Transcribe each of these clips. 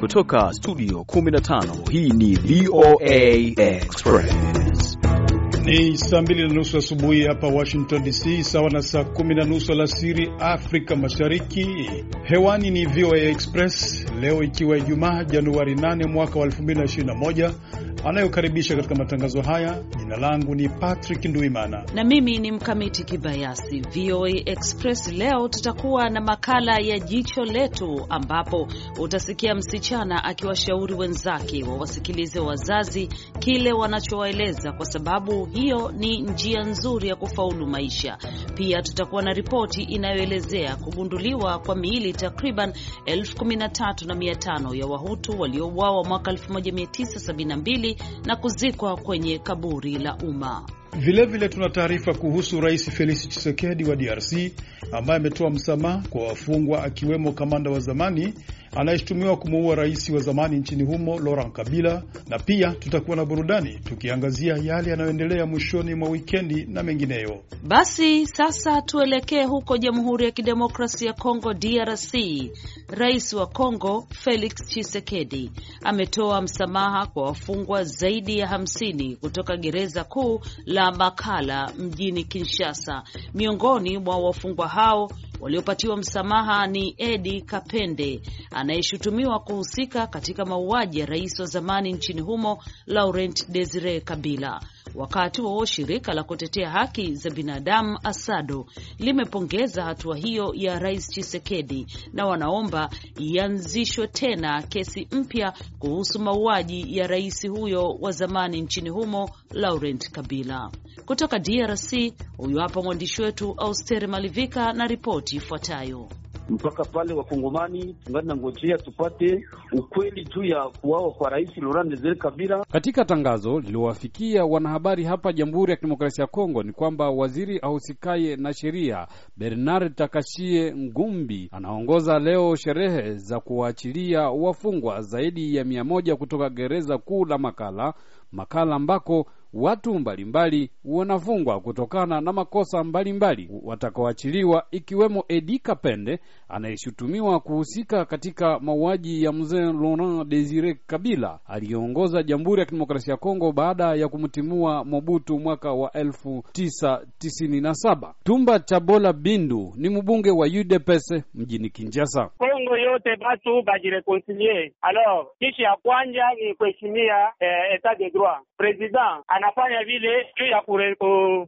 Kutoka studio 15 hii ni VOA Express. Ni saa mbili na nusu asubuhi hapa Washington DC, sawa na saa kumi na nusu alasiri Afrika Mashariki. Hewani ni VOA Express leo, ikiwa Ijumaa Januari 8 mwaka wa 2021 Anayokaribisha katika matangazo haya, jina langu ni Patrick Nduimana na mimi ni Mkamiti Kibayasi. VOA Express leo tutakuwa na makala ya jicho letu, ambapo utasikia msichana akiwashauri wenzake wawasikilize wazazi kile wanachowaeleza, kwa sababu hiyo ni njia nzuri ya kufaulu maisha. Pia tutakuwa na ripoti inayoelezea kugunduliwa kwa miili takriban 13500 ya Wahutu waliouawa mwaka 1972 Kiswahili na kuzikwa kwenye kaburi la umma. Vilevile tuna taarifa kuhusu Rais Felix Tshisekedi wa DRC ambaye ametoa msamaha kwa wafungwa akiwemo kamanda wa zamani anayeshutumiwa kumuua rais wa zamani nchini humo Laurent Kabila, na pia tutakuwa na burudani tukiangazia yale yanayoendelea mwishoni mwa wikendi na mengineyo. Basi sasa tuelekee huko Jamhuri ya Kidemokrasia ya Kongo, DRC. Rais wa Kongo Felix Tshisekedi ametoa msamaha kwa wafungwa zaidi ya hamsini kutoka gereza kuu la Makala mjini Kinshasa. Miongoni mwa wafungwa hao Waliopatiwa msamaha ni Edi Kapende anayeshutumiwa kuhusika katika mauaji ya rais wa zamani nchini humo Laurent Desire Kabila Wakati huo shirika la kutetea haki za binadamu ASADO limepongeza hatua hiyo ya Rais Chisekedi na wanaomba ianzishwe tena kesi mpya kuhusu mauaji ya rais huyo wa zamani nchini humo Laurent Kabila. Kutoka DRC, huyu hapa mwandishi wetu auster Malivika na ripoti ifuatayo mpaka pale wakongomani tungana ngojea tupate ukweli juu ya kuwawa kwa rais Laurent Desire Kabila. Katika tangazo lililowafikia wanahabari hapa Jamhuri ya Kidemokrasia ya Kongo ni kwamba waziri ahusikaye na sheria Bernard Takashie Ngumbi anaongoza leo sherehe za kuwaachilia wafungwa zaidi ya mia moja kutoka gereza kuu la Makala Makala ambako watu mbalimbali wanafungwa kutokana na makosa mbalimbali watakaoachiliwa ikiwemo Edi Kapende anayeshutumiwa kuhusika katika mauaji ya mzee Laurent Desire Kabila aliyeongoza Jamhuri ya Kidemokrasia ya Kongo baada ya kumtimua Mobutu mwaka wa 1997. Tumba Chabola Bindu ni mbunge wa UDPS mjini Kinshasa. Kongo yote batu bajirekonsilie alors, kishi ya kwanja ni kuheshimia eh, etat de droit. President anafanya vile juu ya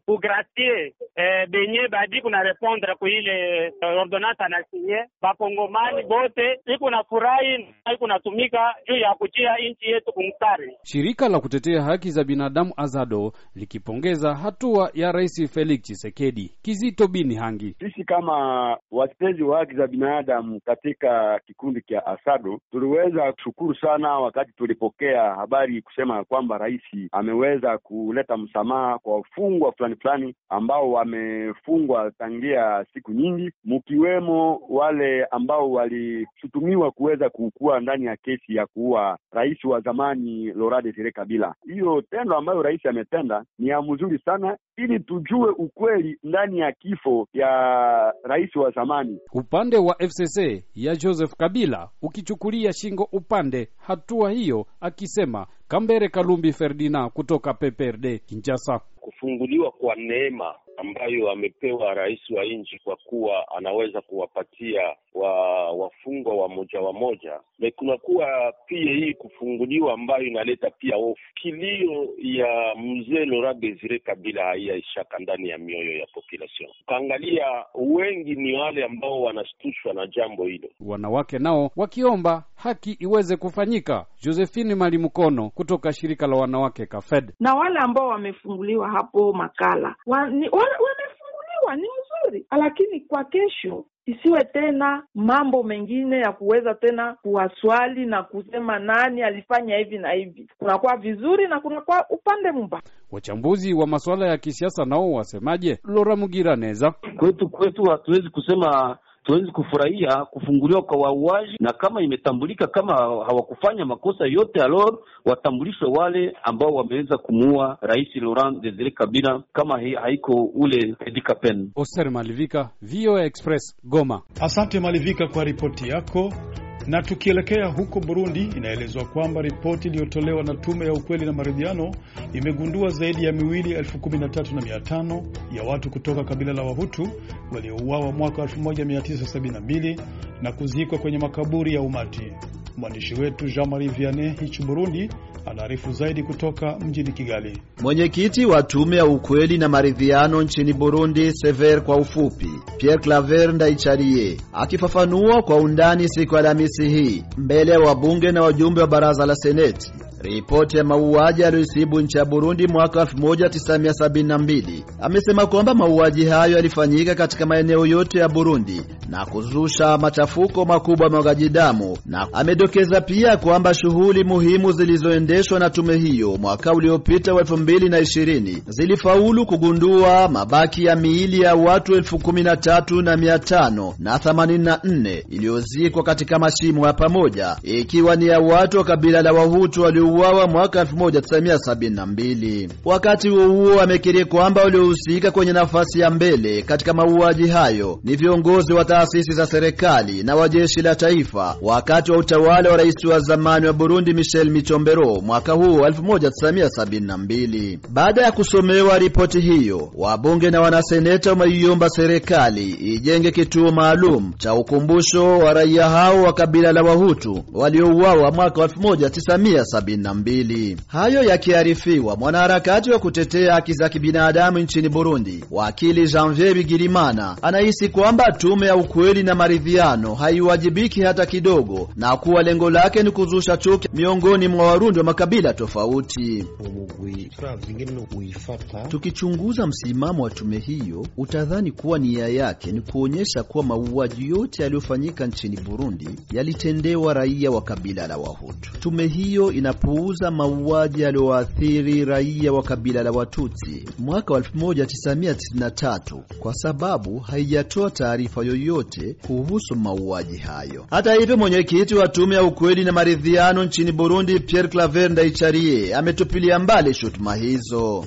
kugratie eh, benye badi kuna repondre kuile eh, ordonance anasi yenye bakongomani bote iko na furahi na iko natumika juu ya kutia nchi yetu kumstari. Shirika la kutetea haki za binadamu Azado likipongeza hatua ya Rais Felix Tshisekedi. Kizito Bini Hangi: sisi kama watetezi wa haki za binadamu katika kikundi cha Asado tuliweza kushukuru sana wakati tulipokea habari kusema kwamba rais ameweza kuleta msamaha kwa wafungwa fulani fulani ambao wamefungwa tangia siku nyingi mkiwemo wale ambao walishutumiwa kuweza kukuwa ndani ya kesi ya kuua rais wa zamani Laurent Desire Kabila. Hiyo tendo ambayo rais ametenda ni ya mzuri sana, ili tujue ukweli ndani ya kifo ya rais wa zamani. Upande wa FCC ya Joseph Kabila ukichukulia shingo upande hatua hiyo, akisema Kambere Kalumbi Ferdinand kutoka PPRD Kinshasa, kufunguliwa kwa neema ambayo amepewa rais wa nchi kwa kuwa anaweza kuwapatia wa wafungwa wamoja wamoja, na kunakuwa pia hii kufunguliwa ambayo inaleta pia hofu. Kilio ya mzee Laurent Desire Kabila haiya ishaka ndani ya mioyo ya population. Ukaangalia wengi ni wale ambao wanashtushwa na jambo hilo, wanawake nao wakiomba haki iweze kufanyika. Josephine Malimkono kutoka shirika la wanawake Kafed, na wale ambao wamefunguliwa hapo makala wa, ni, wamefunguliwa, ni mzuri, lakini kwa kesho isiwe tena mambo mengine ya kuweza tena kuwaswali na kusema nani alifanya hivi na hivi. Kunakuwa vizuri na kunakuwa upande mbaya. Wachambuzi wa masuala ya kisiasa nao wasemaje? Lora Mugiraneza: kwetu kwetu hatuwezi kusema tuwezi kufurahia kufunguliwa kwa wauaji, na kama imetambulika kama hawakufanya makosa yote, alor watambulishwe wale ambao wameweza kumuua Rais Laurent Desire Kabila, kama haiko ule Edi Kapen. Oser Malivika, VOA Express, Goma. Asante Malivika kwa ripoti yako. Na tukielekea huko Burundi, inaelezwa kwamba ripoti iliyotolewa na tume ya ukweli na maridhiano imegundua zaidi ya miwili elfu kumi na tatu na mia tano ya watu kutoka kabila la Wahutu waliouawa mwaka 1972 na kuzikwa kwenye makaburi ya umati. Mwandishi wetu Jean Marie Vianney hichi Burundi anaarifu zaidi kutoka mjini Kigali. Mwenyekiti wa tume ya ukweli na maridhiano nchini Burundi, Sever kwa ufupi, Pierre Claver Ndaicharie, akifafanua kwa undani siku ya Alhamisi hii mbele ya wabunge na wajumbe wa baraza la seneti ripoti ya mauaji yaliyoisibu nchi ya Burundi mwaka 1972 amesema kwamba mauaji hayo yalifanyika katika maeneo yote ya Burundi na kuzusha machafuko makubwa ya mwagaji damu, na amedokeza pia kwamba shughuli muhimu zilizoendeshwa na tume hiyo mwaka uliopita wa 2020 zilifaulu kugundua mabaki ya miili ya watu na 13584 iliyozikwa katika mashimo ya pamoja, ikiwa ni ya watu wa kabila la Wahutu walio aliuawa mwaka 1972. Wakati huo huo, amekiri kwamba waliohusika kwenye nafasi ya mbele katika mauaji hayo ni viongozi wa taasisi za serikali na wa jeshi la taifa wakati wa utawala wa rais wa zamani wa Burundi Michel michombero mwaka huu 1972. Baada ya kusomewa ripoti hiyo, wabunge na wanaseneta wameiomba serikali ijenge kituo maalum cha ukumbusho wa raia hao wa kabila la Wahutu waliouawa mwaka 1972. 12. Hayo yakiarifiwa, mwanaharakati wa kutetea haki za kibinadamu nchini Burundi, wakili Janvier Bigirimana anahisi kwamba tume ya ukweli na maridhiano haiwajibiki hata kidogo, na kuwa lengo lake ni kuzusha chuki miongoni mwa Warundi wa makabila tofauti. Tukichunguza msimamo wa tume hiyo, utadhani kuwa nia yake ni kuonyesha kuwa mauaji yote yaliyofanyika nchini Burundi yalitendewa raia wa kabila la Wahutu. Tume hiyo inapo kupuuza mauaji yaliyoathiri raia wa kabila la Watutsi mwaka wa 1993 kwa sababu haijatoa taarifa yoyote kuhusu mauaji hayo. Hata hivyo, mwenyekiti wa tume ya ukweli na maridhiano nchini Burundi, Pierre Claver ndaicharie ametupilia mbali shutuma hizo.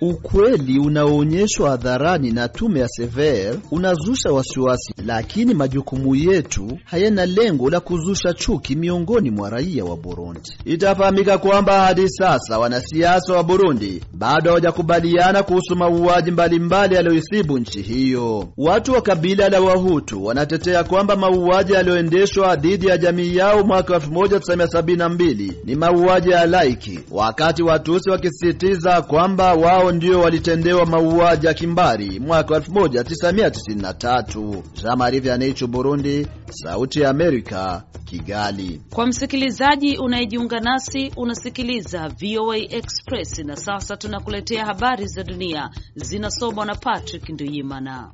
Ukweli unaoonyeshwa hadharani na tume ya Sever unazusha wasiwasi, lakini majukumu yetu hayana lengo la kuzusha chuki miongoni mwa raia wa Burundi. Itafahamika kwamba hadi sasa wanasiasa wa Burundi bado hawajakubaliana kuhusu mauaji mbalimbali yaliyoisibu nchi hiyo. Watu wa kabila la Wahutu wanatetea kwamba mauaji yaliyoendeshwa dhidi ya jamii yao mwaka 1972 ni mauaji ya laiki, wakati Watusi wakisisitiza kwamba wao ndio walitendewa mauaji ya kimbari mwaka 1993. Burundi. Sauti ya Amerika, Kigali. Kwa msikilizaji unayejiunga nasi, unasikiliza VOA Express na sasa tunakuletea habari za dunia zinasomwa na Patrick Nduyimana.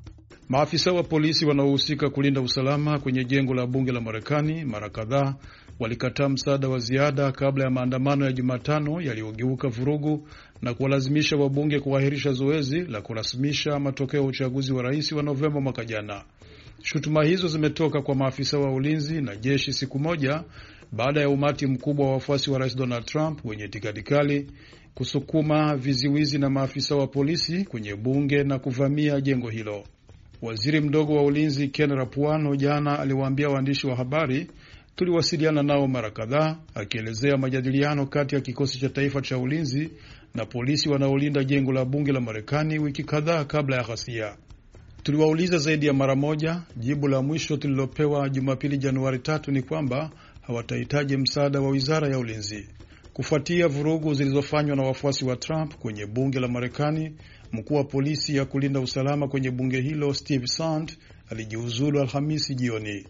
Maafisa wa polisi wanaohusika kulinda usalama kwenye jengo la bunge la Marekani mara kadhaa walikataa msaada wa ziada kabla ya maandamano ya Jumatano yaliyogeuka vurugu na kuwalazimisha wabunge kuahirisha zoezi la kurasimisha matokeo ya uchaguzi wa rais wa Novemba mwaka jana. Shutuma hizo zimetoka kwa maafisa wa ulinzi na jeshi siku moja baada ya umati mkubwa wa wafuasi wa rais Donald Trump wenye itikadi kali kusukuma viziwizi na maafisa wa polisi kwenye bunge na kuvamia jengo hilo. Waziri mdogo wa ulinzi Ken Rapuano jana aliwaambia waandishi wa habari, tuliwasiliana nao mara kadhaa, akielezea majadiliano kati ya kikosi cha taifa cha ulinzi na polisi wanaolinda jengo la bunge la Marekani wiki kadhaa kabla ya ghasia. Tuliwauliza zaidi ya mara moja. Jibu la mwisho tulilopewa Jumapili, Januari tatu, ni kwamba hawatahitaji msaada wa wizara ya ulinzi. Kufuatia vurugu zilizofanywa na wafuasi wa Trump kwenye bunge la Marekani, mkuu wa polisi ya kulinda usalama kwenye bunge hilo Steve Sand alijiuzulu Alhamisi jioni.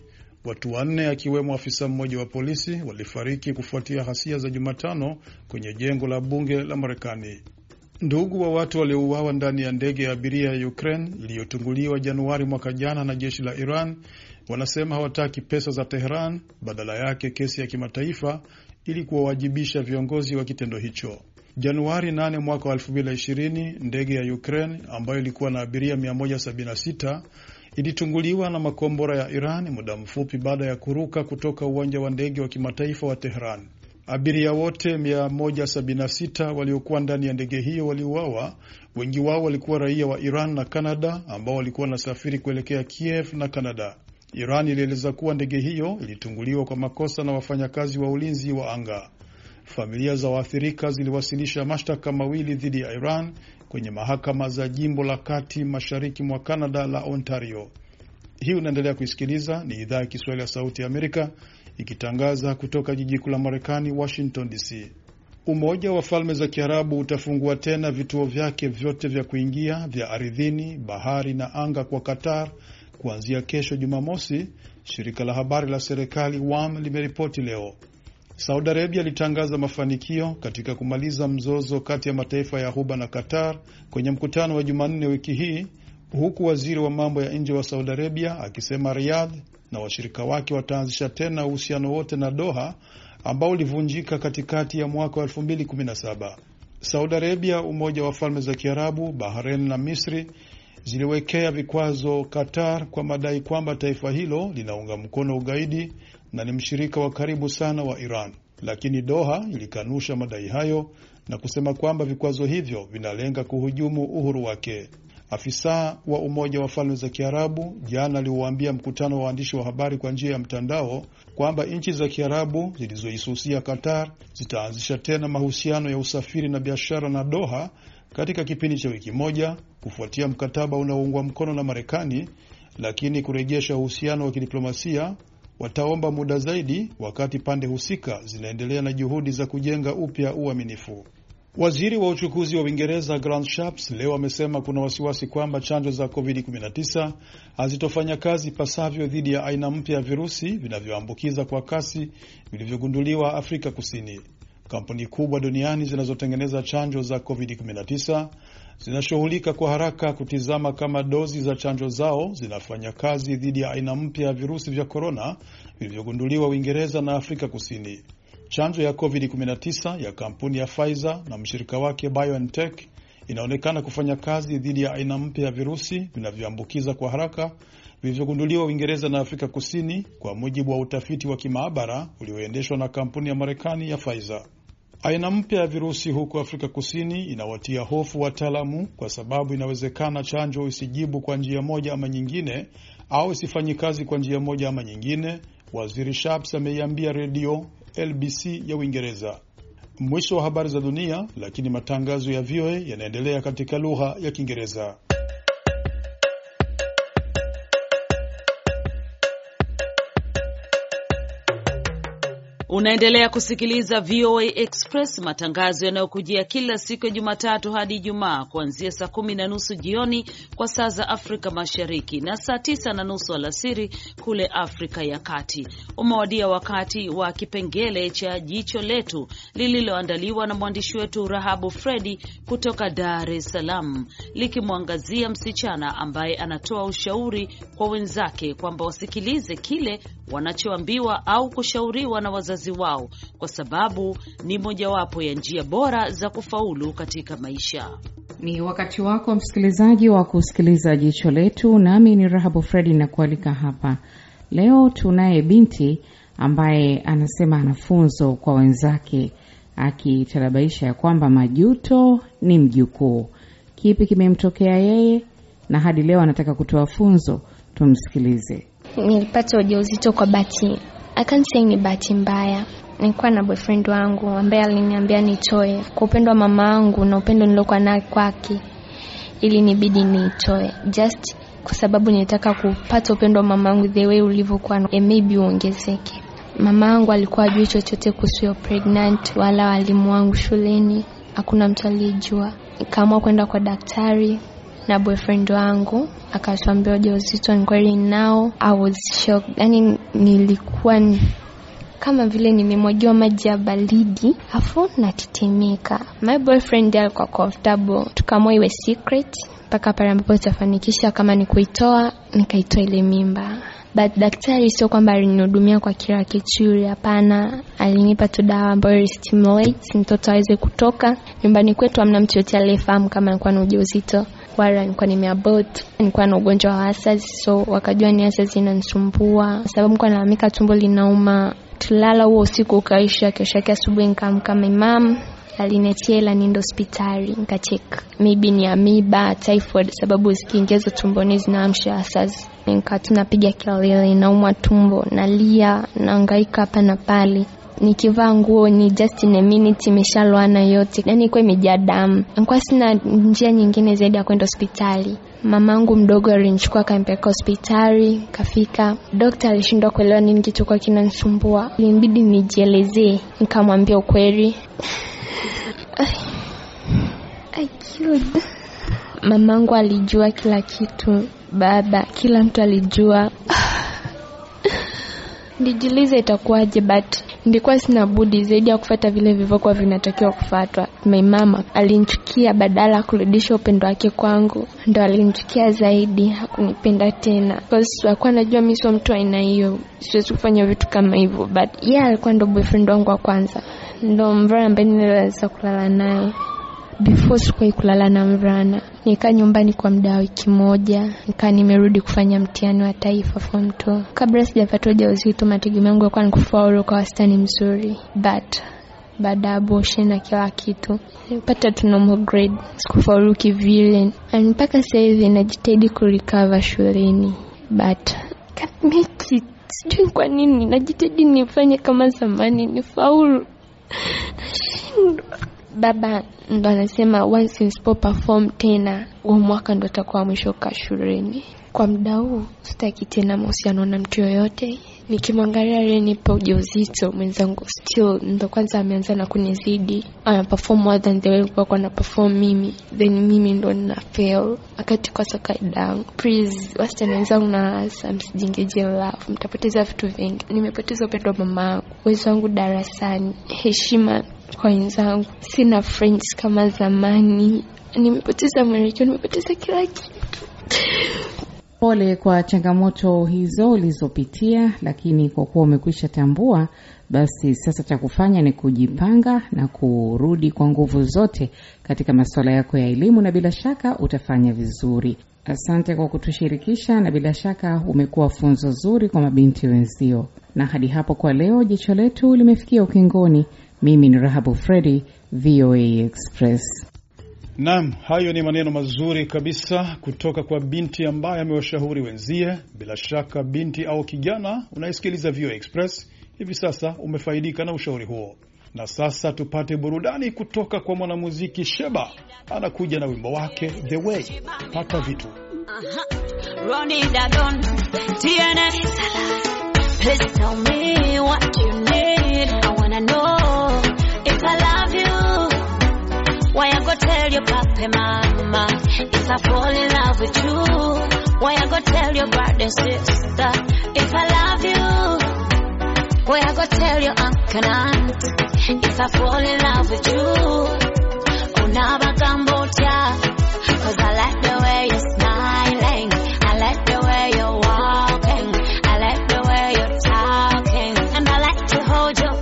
Watu wanne akiwemo afisa mmoja wa polisi walifariki kufuatia ghasia za Jumatano kwenye jengo la bunge la Marekani. Ndugu wa watu waliouawa ndani ya ndege ya abiria ya Ukraine iliyotunguliwa Januari mwaka jana na jeshi la Iran wanasema hawataki pesa za Teheran, badala yake kesi ya kimataifa ili kuwawajibisha viongozi wa kitendo hicho. Januari 8 mwaka wa 2020 ndege ya Ukraine ambayo ilikuwa na abiria 176 ilitunguliwa na makombora ya Iran muda mfupi baada ya kuruka kutoka uwanja wa ndege wa kimataifa wa Tehran. Abiria wote 176 waliokuwa ndani ya ndege hiyo waliuawa. Wengi wao walikuwa raia wa Iran na Kanada ambao walikuwa wanasafiri kuelekea Kiev na Kanada. Iran ilieleza kuwa ndege hiyo ilitunguliwa kwa makosa na wafanyakazi wa ulinzi wa anga. Familia za waathirika ziliwasilisha mashtaka mawili dhidi ya Iran kwenye mahakama za jimbo la kati mashariki mwa Kanada la Ontario. Hii unaendelea kuisikiliza, ni idhaa ya Kiswahili ya Sauti ya Amerika ikitangaza kutoka jiji kuu la Marekani, Washington DC. Umoja wa Falme za Kiarabu utafungua tena vituo vyake vyote vya kuingia vya ardhini, bahari na anga kwa Qatar kuanzia kesho Jumamosi, shirika la habari la serikali WAM limeripoti leo. Saudi Arabia ilitangaza mafanikio katika kumaliza mzozo kati ya mataifa ya Ghuba na Qatar kwenye mkutano wa Jumanne wiki hii, huku waziri wa mambo ya nje wa Saudi Arabia akisema Riyadh na washirika wake wataanzisha tena uhusiano wote na Doha ambao ulivunjika katikati ya mwaka wa 2017. Saudi Arabia, Umoja wa Falme za Kiarabu, Bahrain na Misri ziliwekea vikwazo Qatar kwa madai kwamba taifa hilo linaunga mkono ugaidi na ni mshirika wa karibu sana wa Iran. Lakini Doha ilikanusha madai hayo na kusema kwamba vikwazo hivyo vinalenga kuhujumu uhuru wake. Afisa wa Umoja wa Falme za Kiarabu jana aliuambia mkutano wa waandishi wa habari kwa njia ya mtandao kwamba nchi za Kiarabu zilizoisusia Qatar zitaanzisha tena mahusiano ya usafiri na biashara na Doha katika kipindi cha wiki moja kufuatia mkataba unaoungwa mkono na Marekani, lakini kurejesha uhusiano wa kidiplomasia wataomba muda zaidi, wakati pande husika zinaendelea na juhudi za kujenga upya uaminifu. Waziri wa uchukuzi wa Uingereza Grant Shapps leo amesema kuna wasiwasi kwamba chanjo za COVID-19 hazitofanya kazi pasavyo dhidi ya aina mpya ya virusi vinavyoambukiza kwa kasi vilivyogunduliwa Afrika Kusini. Kampuni kubwa duniani zinazotengeneza chanjo za COVID-19 zinashughulika kwa haraka kutizama kama dozi za chanjo zao zinafanya kazi dhidi ya aina mpya ya virusi vya korona vilivyogunduliwa Uingereza na Afrika Kusini. Chanjo ya COVID-19 ya kampuni ya Pfizer na mshirika wake BioNTech inaonekana kufanya kazi dhidi ya aina mpya ya virusi vinavyoambukiza kwa haraka vilivyogunduliwa Uingereza na Afrika Kusini, kwa mujibu wa utafiti wa kimaabara ulioendeshwa na kampuni ya Marekani ya Pfizer. Aina mpya ya virusi huko Afrika Kusini inawatia hofu wataalamu, kwa sababu inawezekana chanjo isijibu kwa njia moja ama nyingine, au isifanyi kazi kwa njia moja ama nyingine, Waziri Sharps ameiambia redio LBC ya Uingereza. Mwisho wa habari za dunia, lakini matangazo ya VOA yanaendelea katika lugha ya Kiingereza. Unaendelea kusikiliza VOA Express, matangazo yanayokujia kila siku ya Jumatatu hadi Ijumaa, kuanzia saa kumi na nusu jioni kwa saa za Afrika Mashariki na saa tisa na nusu alasiri kule Afrika ya Kati. Umewadia wakati wa kipengele cha Jicho Letu lililoandaliwa na mwandishi wetu Rahabu Fredi kutoka Dar es Salaam, likimwangazia msichana ambaye anatoa ushauri kwa wenzake kwamba wasikilize kile wanachoambiwa au kushauriwa na wazazi wao, kwa sababu ni mojawapo ya njia bora za kufaulu katika maisha. Ni wakati wako msikilizaji wa kusikiliza jicho letu, nami ni Rahabu Fredi na kualika hapa leo. Tunaye binti ambaye anasema ana funzo kwa wenzake, akitarabaisha ya kwamba majuto ni mjukuu. Kipi kimemtokea yeye na hadi leo anataka kutoa funzo? Tumsikilize nilipata ujauzito kwa bahati, I can't say ni bahati mbaya. Nilikuwa na boyfriend wangu ambaye aliniambia nitoe kwa upendo wa mama angu na upendo niliokuwa naye kwake, ili nibidi nitoe just kwa sababu nilitaka kupata upendo wa mama angu the way ulivyokuwa, e, maybe uongezeke. Mama yangu alikuwa ajui chochote kuhusu pregnant, wala walimu wangu shuleni, hakuna mtu aliyejua. Nikaamua kwenda kwa daktari na boyfriend wangu akatuambia ujauzito ni kweli nao. I was shocked, yani nilikuwa kama vile nimemwagiwa maji ya baridi afu natetemeka. My boyfriend alikuwa comfortable, tukaamua iwe secret mpaka pale ambapo itafanikisha kama ni kuitoa, nikaitoa ile mimba but daktari sio kwamba alinihudumia kwa kila kitu yule, hapana. Alinipa tu dawa ambayo stimulate mtoto aweze kutoka. Nyumbani kwetu hamna mtu yote aliyefahamu kama alikuwa na ujauzito wala nilikuwa nimeabort. Nilikuwa na ugonjwa wa asas, so wakajua ni asas inanisumbua, sababu nilikuwa nalalamika tumbo linauma. Tulala huo usiku ukaisha, kesho yake asubuhi nikaamka, mimam salinetiela niende hospitali nikachek maybe ni amiba typhoid, sababu zikiingiza tumboni zinaamsha asas. Nikawa tunapiga kelele, naumwa tumbo, nalia, naangaika hapa na pale nikivaa nguo ni just in a minute imeshaloana yote, yani ilikuwa imejaa damu. Nilikuwa sina njia nyingine zaidi ya kwenda hospitali. Mamangu mdogo alinichukua kampeka hospitali, kafika dokta alishindwa kuelewa nini kitu kwa kinanisumbua, ilinibidi nijielezee, nikamwambia ukweli Ayub. Mamangu alijua kila kitu, baba, kila mtu alijua. Nijiulize itakuwaje, but nilikuwa sina budi zaidi ya kufuata vile vilivyokuwa vinatakiwa kufuatwa. My mama alinichukia, badala ya kurudisha upendo wake kwangu, ndo alinichukia zaidi, hakunipenda tena because alikuwa anajua mimi sio mtu aina hiyo, siwezi kufanya vitu kama hivyo, but yeye yeah, alikuwa ndo boyfriend wangu wa kwanza ndo mvulana ambaye niliweza kulala naye. Before sikuwahi kulala na mvulana. Nikaa nyumbani kwa muda wa wiki moja, nikaa nimerudi kufanya mtihani wa taifa form 2. Kabla sijapata ujauzito, mategemeo yangu yalikuwa ni kufaulu kwa wastani mzuri, but baada ya boshe na kila kitu nilipata tu normal grade, sikufaulu kivile, and mpaka sasa hivi najitahidi kurecover shuleni, but can't make it. Sijui kwa nini najitahidi nifanye kama zamani, nifaulu nashindwa. Baba ndo anasema once perform tena, huo mwaka ndo atakuwa mwisho ka shuleni. Kwa muda huu sitaki tena mahusiano na mtu yoyote nikimwangalia nipa ujauzito mwenzangu still ndo kwanza ameanza na kunizidi, ana perform more than the way kwa na perform mimi, then mimi ndo nina fail wakati kwa soka yangu. Please wasta wenzangu, na msijingeje love, mtapoteza vitu vingi. Nimepoteza upendo mama yangu, darasani, heshima kwa wenzangu, sina friends kama zamani, nimepoteza mwelekeo, nimepoteza kila kitu Pole kwa changamoto hizo ulizopitia, lakini kwa kuwa umekwisha tambua, basi sasa cha kufanya ni kujipanga na kurudi kwa nguvu zote katika masuala yako ya elimu, na bila shaka utafanya vizuri. Asante kwa kutushirikisha, na bila shaka umekuwa funzo zuri kwa mabinti wenzio. Na hadi hapo kwa leo, jicho letu limefikia ukingoni. Mimi ni Rahabu Fredi, VOA Express. Naam, hayo ni maneno mazuri kabisa kutoka kwa binti ambaye amewashauri wenzie. Bila shaka binti au kijana unayesikiliza VOA Express hivi sasa umefaidika na ushauri huo. Na sasa tupate burudani kutoka kwa mwanamuziki Sheba, anakuja na wimbo wake The Way. Pata vitu uh -huh. your papi mama if I fall in love with you? Why I go tell your brother and sister if I love you? Why I go tell your uncle and aunt if I fall in love with you? oh now I'm Unaba Cambodia, cause I like the way you are smiling, I like the way you are walking, I like the way you're talking, and I like to hold your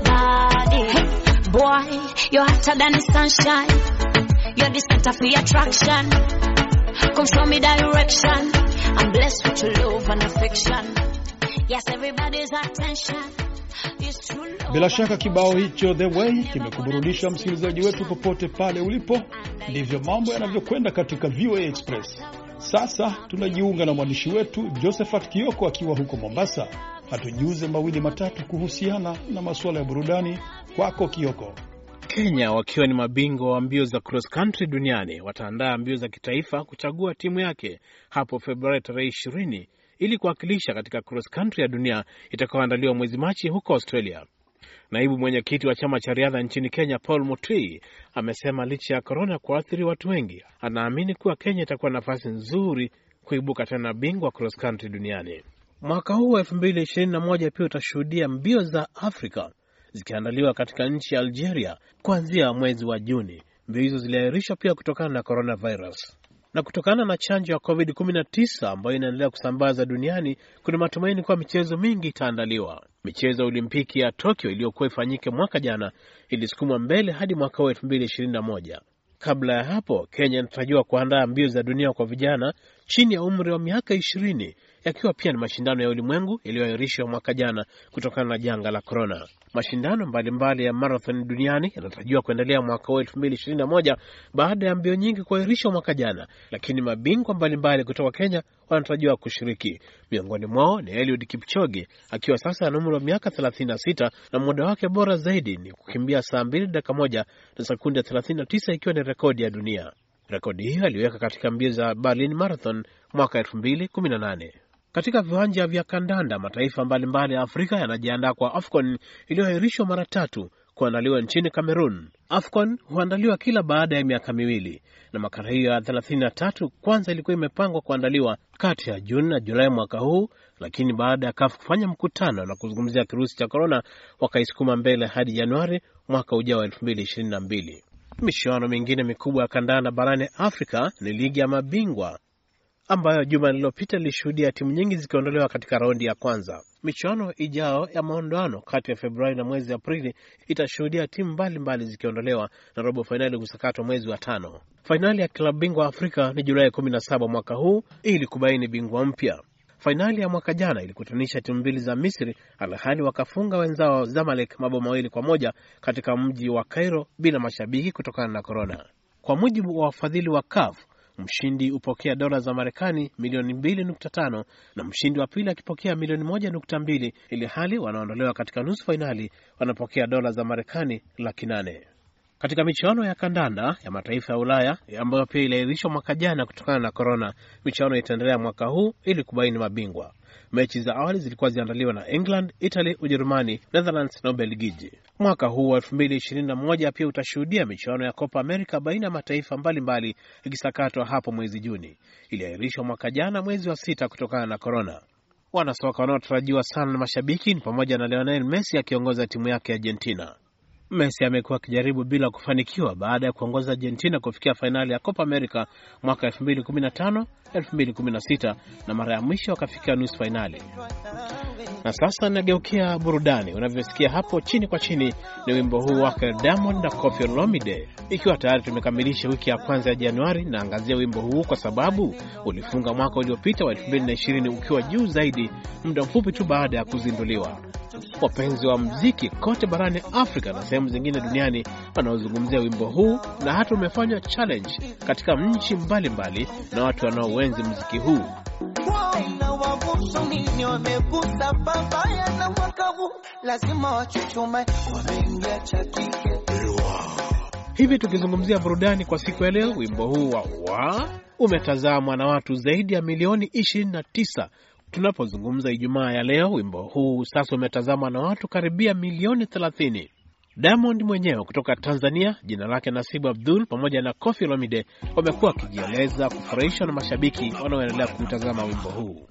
body. Hey, boy, you're hotter than the sunshine. said this not for your attraction. Come show me direction. I'm blessed with your love and affection. Yes, everybody's attention. Bila shaka kibao hicho The Way kimekuburudisha msikilizaji wetu popote pale ulipo. Ndivyo mambo yanavyokwenda katika VOA Express. Sasa tunajiunga na mwandishi wetu Josephat Kioko akiwa huko Mombasa, atujuze mawili matatu kuhusiana na masuala ya burudani. Kwako Kioko kenya wakiwa ni mabingwa wa mbio za cross country duniani wataandaa mbio za kitaifa kuchagua timu yake hapo Februari tarehe ishirini ili kuwakilisha katika cross country ya dunia itakayoandaliwa mwezi Machi huko Australia. Naibu mwenyekiti wa chama cha riadha nchini Kenya, Paul Mutui, amesema licha ya korona kuathiri watu wengi, anaamini kuwa Kenya itakuwa nafasi nzuri kuibuka tena bingwa cross country duniani. Mwaka huu wa elfu mbili ishirini na moja pia utashuhudia mbio za Afrika zikiandaliwa katika nchi ya Algeria kuanzia mwezi wa Juni. Mbio hizo ziliahirishwa pia kutokana na coronavirus na kutokana na chanjo ya COVID-19 ambayo inaendelea kusambaza duniani, kuna matumaini kuwa michezo mingi itaandaliwa. Michezo ya Olimpiki ya Tokyo iliyokuwa ifanyike mwaka jana ilisukumwa mbele hadi mwaka huu 221 Kabla ya hapo, Kenya inatarajiwa kuandaa mbio za dunia kwa vijana chini ya umri wa miaka ishirini yakiwa pia ni mashindano ya ulimwengu yaliyoahirishwa mwaka jana kutokana na janga la korona. Mashindano mbalimbali ya marathon duniani yanatarajiwa kuendelea mwaka huu moja baada ya mbio nyingi kuahirishwa mwaka jana, lakini mabingwa mbalimbali kutoka Kenya wanatarajiwa kushiriki. Miongoni mwao ni Eliud Kipchoge akiwa sasa ana umri wa miaka 36 na muda wake bora zaidi ni kukimbia saa 2 dakika moja na sekunde 39 ikiwa ni rekodi ya dunia. Rekodi hiyo aliweka katika mbio za Berlin Marathon mwaka nane. Katika viwanja vya kandanda, mataifa mbalimbali ya Afrika yanajiandaa kwa AFCON iliyoahirishwa mara tatu kuandaliwa nchini Cameroon. AFCON huandaliwa kila baada ya miaka miwili na makara hiyo ya 33 kwanza ilikuwa imepangwa kuandaliwa kati ya Juni na Julai mwaka huu, lakini baada ya CAF kufanya mkutano na kuzungumzia kirusi cha korona wakaisukuma mbele hadi Januari mwaka ujao wa 2022. Michuano mingine mikubwa ya kandanda barani Afrika ni ligi ya mabingwa ambayo juma lililopita lilishuhudia timu nyingi zikiondolewa katika raundi ya kwanza. Michuano ijao ya maondoano kati ya Februari na mwezi Aprili itashuhudia timu mbalimbali zikiondolewa na robo fainali kusakatwa mwezi wa tano. Fainali ya klabu bingwa Afrika ni Julai 17 mwaka huu ili kubaini bingwa mpya. Fainali ya mwaka jana ilikutanisha timu mbili za Misri alhali wakafunga wenzao Zamalek mabao mawili kwa moja katika mji wa Cairo bila mashabiki kutokana na korona. Kwa mujibu wa wafadhili wa CAF, mshindi hupokea dola za Marekani milioni 2.5 na mshindi wa pili akipokea milioni 1.2, ili hali wanaondolewa katika nusu fainali wanapokea dola za Marekani laki nane katika michuano ya kandanda ya mataifa ya Ulaya ambayo pia iliahirishwa mwaka jana kutokana na korona. Michuano itaendelea mwaka huu ili kubaini mabingwa. Mechi za awali zilikuwa ziandaliwa na England, Italy, Ujerumani, Netherlands na Ubelgiji. Mwaka huu wa elfu mbili ishirini na moja pia utashuhudia michuano ya Copa America baina ya mataifa mbalimbali ikisakatwa hapo mwezi Juni. Iliahirishwa mwaka jana mwezi wa sita kutokana na korona. Wanasoka wanaotarajiwa sana na mashabiki ni pamoja na Lionel Messi akiongoza timu yake Argentina. Messi amekuwa akijaribu bila kufanikiwa baada ya kuongoza Argentina kufikia fainali ya Copa America mwaka 2015, 2016 na mara ya mwisho akafikia nusu fainali. Na sasa nageukia burudani. Unavyosikia hapo chini kwa chini ni wimbo huu wake Diamond na Koffi Olomide. Ikiwa tayari tumekamilisha wiki ya kwanza ya Januari, naangazia wimbo huu kwa sababu ulifunga mwaka uliopita wa 2020 ukiwa juu zaidi, muda mfupi tu baada ya kuzinduliwa wapenzi wa mziki kote barani Afrika na sehemu zingine duniani wanaozungumzia wimbo huu na hata umefanywa challenge katika nchi mbalimbali na watu wanaoenzi mziki huu. Hivi tukizungumzia burudani kwa siku ya leo, wimbo huu wa wa umetazamwa na watu zaidi ya milioni 29 tunapozungumza Ijumaa ya leo, wimbo huu sasa umetazamwa na watu karibia milioni 30. Diamond mwenyewe kutoka Tanzania, jina lake Nasibu Abdul, pamoja na Kofi Lomide wamekuwa wakijieleza kufurahishwa na mashabiki wanaoendelea kuutazama wimbo huu.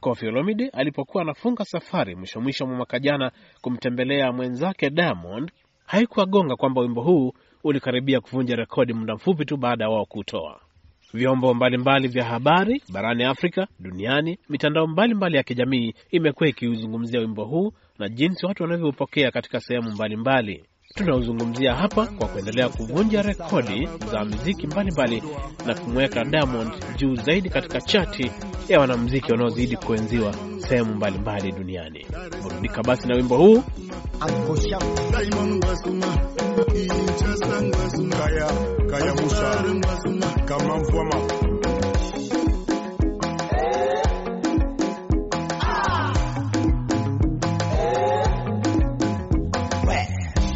Kofi Olomide alipokuwa anafunga safari mwisho mwisho mwa mwaka jana kumtembelea mwenzake Diamond, haikuwagonga kwamba wimbo huu ulikaribia kuvunja rekodi muda mfupi tu baada ya wao kutoa. Vyombo mbalimbali vya habari barani Afrika, duniani, mitandao mbalimbali ya kijamii imekuwa ikiuzungumzia wimbo huu na jinsi watu wanavyopokea katika sehemu mbalimbali. Tunauzungumzia hapa kwa kuendelea kuvunja rekodi za muziki mbalimbali na kumweka Diamond juu zaidi katika chati ya wanamuziki wanaozidi kuenziwa sehemu mbalimbali duniani. Burudika basi na wimbo huu Uncle Sham. Diamond Basuma, Chastan Basuma, Kaya, Kaya Musa, Basuma, Kaman Fama.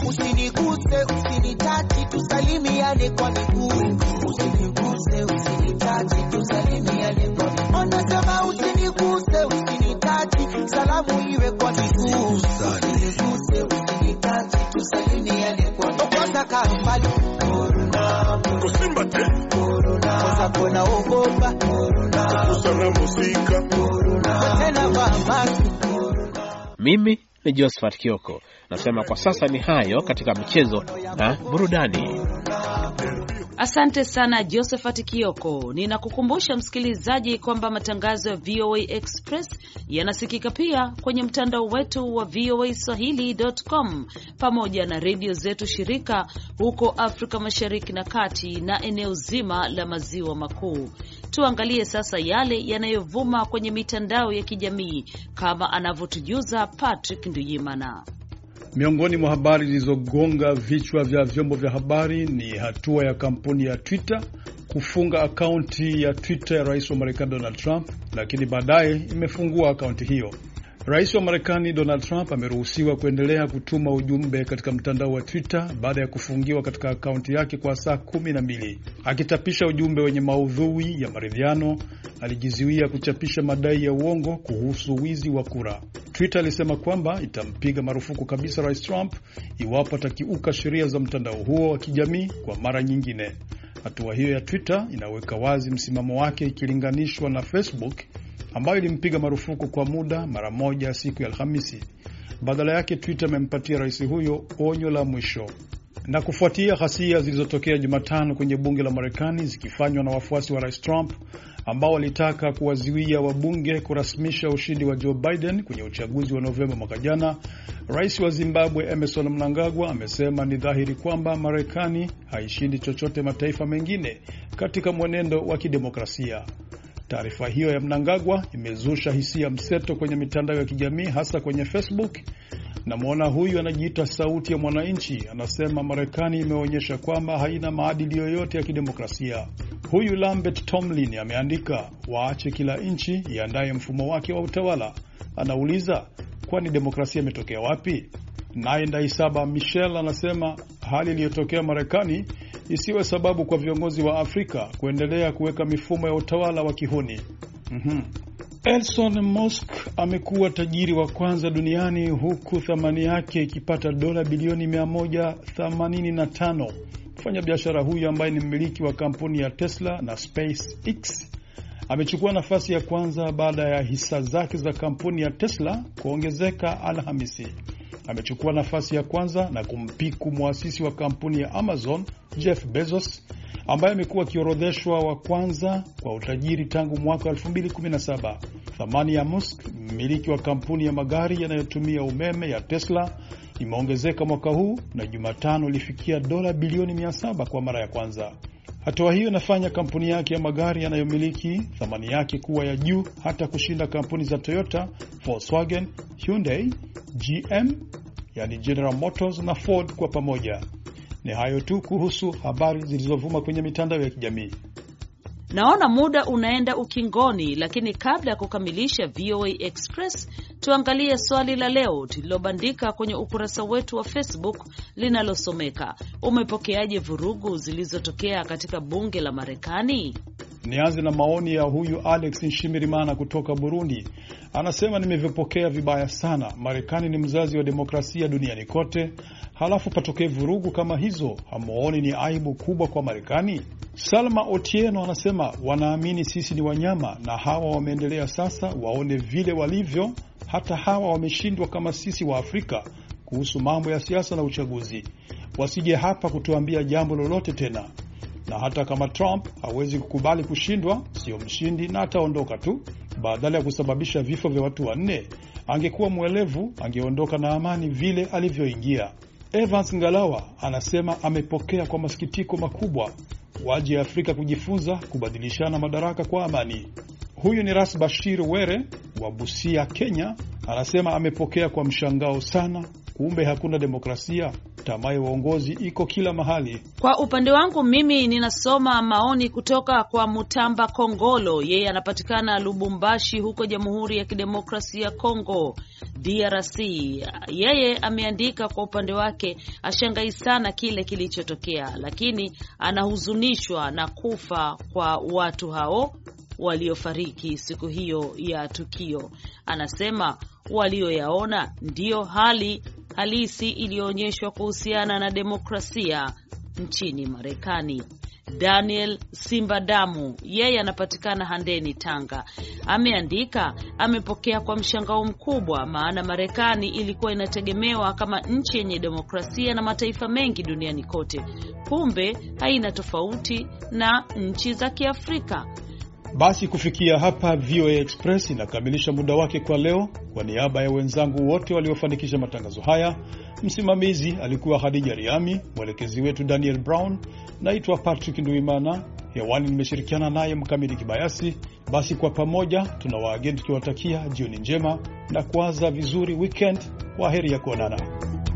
Usiniguse, usinitati, tusalimiane kwa miguu. kusimba te kona kusana musika tena vamasi mimi ni Josephat Kioko nasema kwa sasa ni hayo katika michezo na burudani. Asante sana Josephat Kioko. Ninakukumbusha msikilizaji kwamba matangazo ya VOA Express yanasikika pia kwenye mtandao wetu wa VOA Swahili.com pamoja na redio zetu shirika huko Afrika Mashariki na Kati na eneo zima la Maziwa Makuu. Tuangalie sasa yale yanayovuma kwenye mitandao ya kijamii kama anavyotujuza Patrick Nduyimana. Miongoni mwa habari zilizogonga vichwa vya vyombo vya habari ni hatua ya kampuni ya Twitter kufunga akaunti ya Twitter ya rais wa Marekani Donald Trump, lakini baadaye imefungua akaunti hiyo. Rais wa Marekani Donald Trump ameruhusiwa kuendelea kutuma ujumbe katika mtandao wa Twitter baada ya kufungiwa katika akaunti yake kwa saa kumi na mbili. Akichapisha ujumbe wenye maudhui ya maridhiano, alijizuia kuchapisha madai ya uongo kuhusu wizi wa kura. Twitter alisema kwamba itampiga marufuku kabisa Rais Trump iwapo atakiuka sheria za mtandao huo wa kijamii kwa mara nyingine. Hatua hiyo ya Twitter inaweka wazi msimamo wake ikilinganishwa na Facebook ambayo ilimpiga marufuku kwa muda mara moja siku ya Alhamisi. Badala yake Twitter amempatia rais huyo onyo la mwisho. Na kufuatia ghasia zilizotokea Jumatano kwenye bunge la Marekani zikifanywa na wafuasi wa rais Trump, ambao walitaka kuwazuia wabunge kurasmisha ushindi wa Joe Biden kwenye uchaguzi wa Novemba mwaka jana, rais wa Zimbabwe Emerson Mnangagwa amesema ni dhahiri kwamba Marekani haishindi chochote mataifa mengine katika mwenendo wa kidemokrasia. Taarifa hiyo ya Mnangagwa imezusha hisia mseto kwenye mitandao ya kijamii hasa kwenye Facebook Namwona huyu anajiita sauti ya mwananchi, anasema Marekani imeonyesha kwamba haina maadili yoyote ya kidemokrasia. Huyu Lambert Tomlin ameandika, waache kila nchi iandaye mfumo wake wa utawala. Anauliza, kwani demokrasia imetokea wapi? Naye Ndaisaba Michel anasema hali iliyotokea Marekani isiwe sababu kwa viongozi wa Afrika kuendelea kuweka mifumo ya utawala wa kihuni. Mm -hmm. Elon Musk amekuwa tajiri wa kwanza duniani huku thamani yake ikipata dola bilioni 185. Mfanyabiashara huyu ambaye ni mmiliki wa kampuni ya Tesla na SpaceX amechukua nafasi ya kwanza baada ya hisa zake za kampuni ya Tesla kuongezeka Alhamisi amechukua nafasi ya kwanza na kumpiku mwasisi wa kampuni ya Amazon Jeff Bezos ambaye amekuwa akiorodheshwa wa kwanza kwa utajiri tangu mwaka 2017. Thamani ya Musk, mmiliki wa kampuni ya magari yanayotumia umeme ya Tesla, imeongezeka mwaka huu na Jumatano ilifikia dola bilioni 700 kwa mara ya kwanza. Hatua hiyo inafanya kampuni yake ya magari yanayomiliki thamani yake kuwa ya juu hata kushinda kampuni za Toyota, Volkswagen, Hyundai, GM yani General Motors na Ford kwa pamoja. Ni hayo tu kuhusu habari zilizovuma kwenye mitandao ya kijamii. Naona muda unaenda ukingoni, lakini kabla ya kukamilisha VOA Express, tuangalie swali la leo tulilobandika kwenye ukurasa wetu wa Facebook linalosomeka umepokeaje vurugu zilizotokea katika bunge la Marekani? Nianze na maoni ya huyu Alex Nshimirimana kutoka Burundi, anasema nimevyopokea vibaya sana. Marekani ni mzazi wa demokrasia duniani kote, halafu patokee vurugu kama hizo. Hamwoni ni aibu kubwa kwa Marekani? Salma Otieno anasema wanaamini sisi ni wanyama, na hawa wameendelea sasa, waone vile walivyo. Hata hawa wameshindwa kama sisi wa Afrika kuhusu mambo ya siasa na uchaguzi, wasije hapa kutuambia jambo lolote tena na hata kama Trump hawezi kukubali kushindwa, sio mshindi na ataondoka tu. Badala ya kusababisha vifo vya watu wanne, angekuwa mwelevu, angeondoka na amani vile alivyoingia. Evans Ngalawa anasema amepokea kwa masikitiko makubwa waji ya Afrika kujifunza kubadilishana madaraka kwa amani. Huyu ni Ras Bashir Were wa Busia, Kenya, anasema amepokea kwa mshangao sana Kumbe hakuna demokrasia. Tamaa ya uongozi iko kila mahali. Kwa upande wangu mimi ninasoma maoni kutoka kwa Mutamba Kongolo, yeye anapatikana Lubumbashi huko Jamhuri ya Kidemokrasia ya Kongo, DRC. Yeye ameandika kwa upande wake, ashangai sana kile kilichotokea, lakini anahuzunishwa na kufa kwa watu hao waliofariki siku hiyo ya tukio. Anasema walioyaona ndiyo hali halisi iliyoonyeshwa kuhusiana na demokrasia nchini Marekani. Daniel Simbadamu, yeye anapatikana Handeni, Tanga, ameandika amepokea kwa mshangao mkubwa, maana Marekani ilikuwa inategemewa kama nchi yenye demokrasia na mataifa mengi duniani kote, kumbe haina tofauti na nchi za Kiafrika. Basi kufikia hapa, VOA Express inakamilisha muda wake kwa leo. Kwa niaba ya wenzangu wote waliofanikisha matangazo haya, msimamizi alikuwa Hadija Riami, mwelekezi wetu Daniel Brown. Naitwa Patrick Nduimana, hewani nimeshirikiana naye Mkamili Kibayasi. Basi kwa pamoja tuna waageni tukiwatakia jioni njema na kuanza vizuri weekend. Kwa heri ya kuonana.